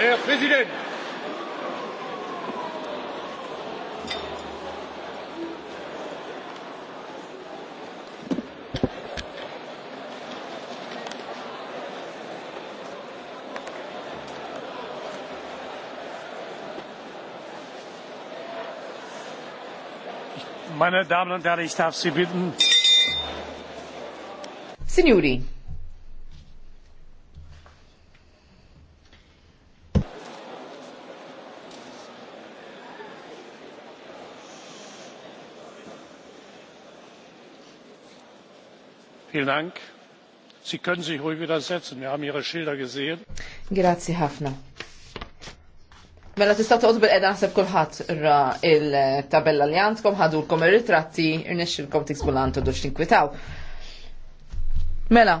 Herr Meine Damen und Herren, ich darf Sie bitten. Signori, Grazie ħafna. Mela tistaw toqgħod bil-qeda naħseb kulħadd ra il-tabella li għandkom ħadulkom ir-ritratti irnexxilkom tiksbu l-għandu tinkwitaw. Mela,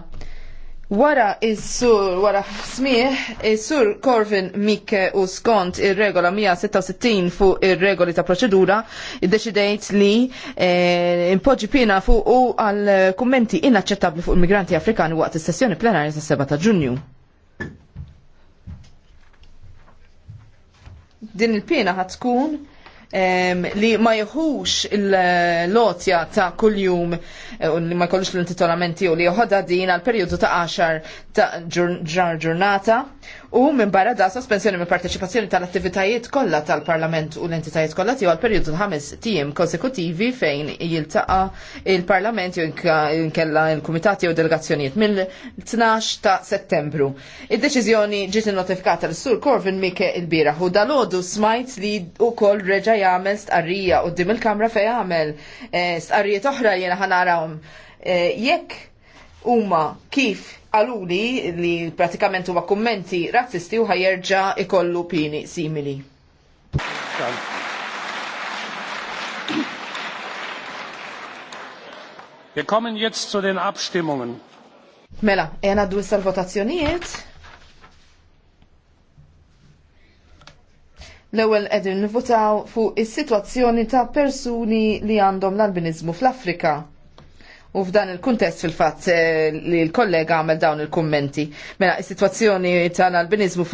Wara is-sur, wara smieħ, is-sur Corvin Mikke u skont ir-regola 166 fuq ir-regoli ta' proċedura, id-deċidejt li eh, impoġi pina fuq u għal kummenti inaċċettabbli fuq il-migranti Afrikani waqt is-sessjoni plenarja sa' 7 ta' Ġunju. Din il-pina ħat tkun li ma jħux il-lotja ta' kuljum eh, li ma jkollux l-intitolamenti u li joħodha din għal periodu ta' 10 ta' ġurnata u minn barra da' sospensjoni minn parteċipazzjoni tal-attivitajiet kollha tal-Parlament u l-entitajiet kollha tiegħu għal periodu ta' ħames tiem konsekutivi fejn jiltaqa' il-Parlament jew inkella il-Kumitati jew delegazzjonijiet mill-12 ta' Settembru. Id-deċiżjoni ġiet notifikata l-Sur Corvin Mike il-bieraħ u dalodu smajt li wkoll reġa' jagħmel stqarrija qudiem il-kamra fejn jagħmel eh, stqarrijiet oħra jiena ħanarawhom. Eh, jekk huma kif għaluli li pratikament huwa kummenti razzisti u ħajerġa' ikollu pini simili. Wir kommen jetzt zu den Abstimmungen. Mela, jena dwis tal-votazzjonijiet. L-ewwel qegħdin nivutaw fuq is-sitwazzjoni ta' persuni li għandhom l-albinizmu fl-Afrika. U f'dan il-kuntest fil-fatt eh, li l-kollega għamel dawn il-kummenti. Mela, is-sitwazzjoni tal-albinizmu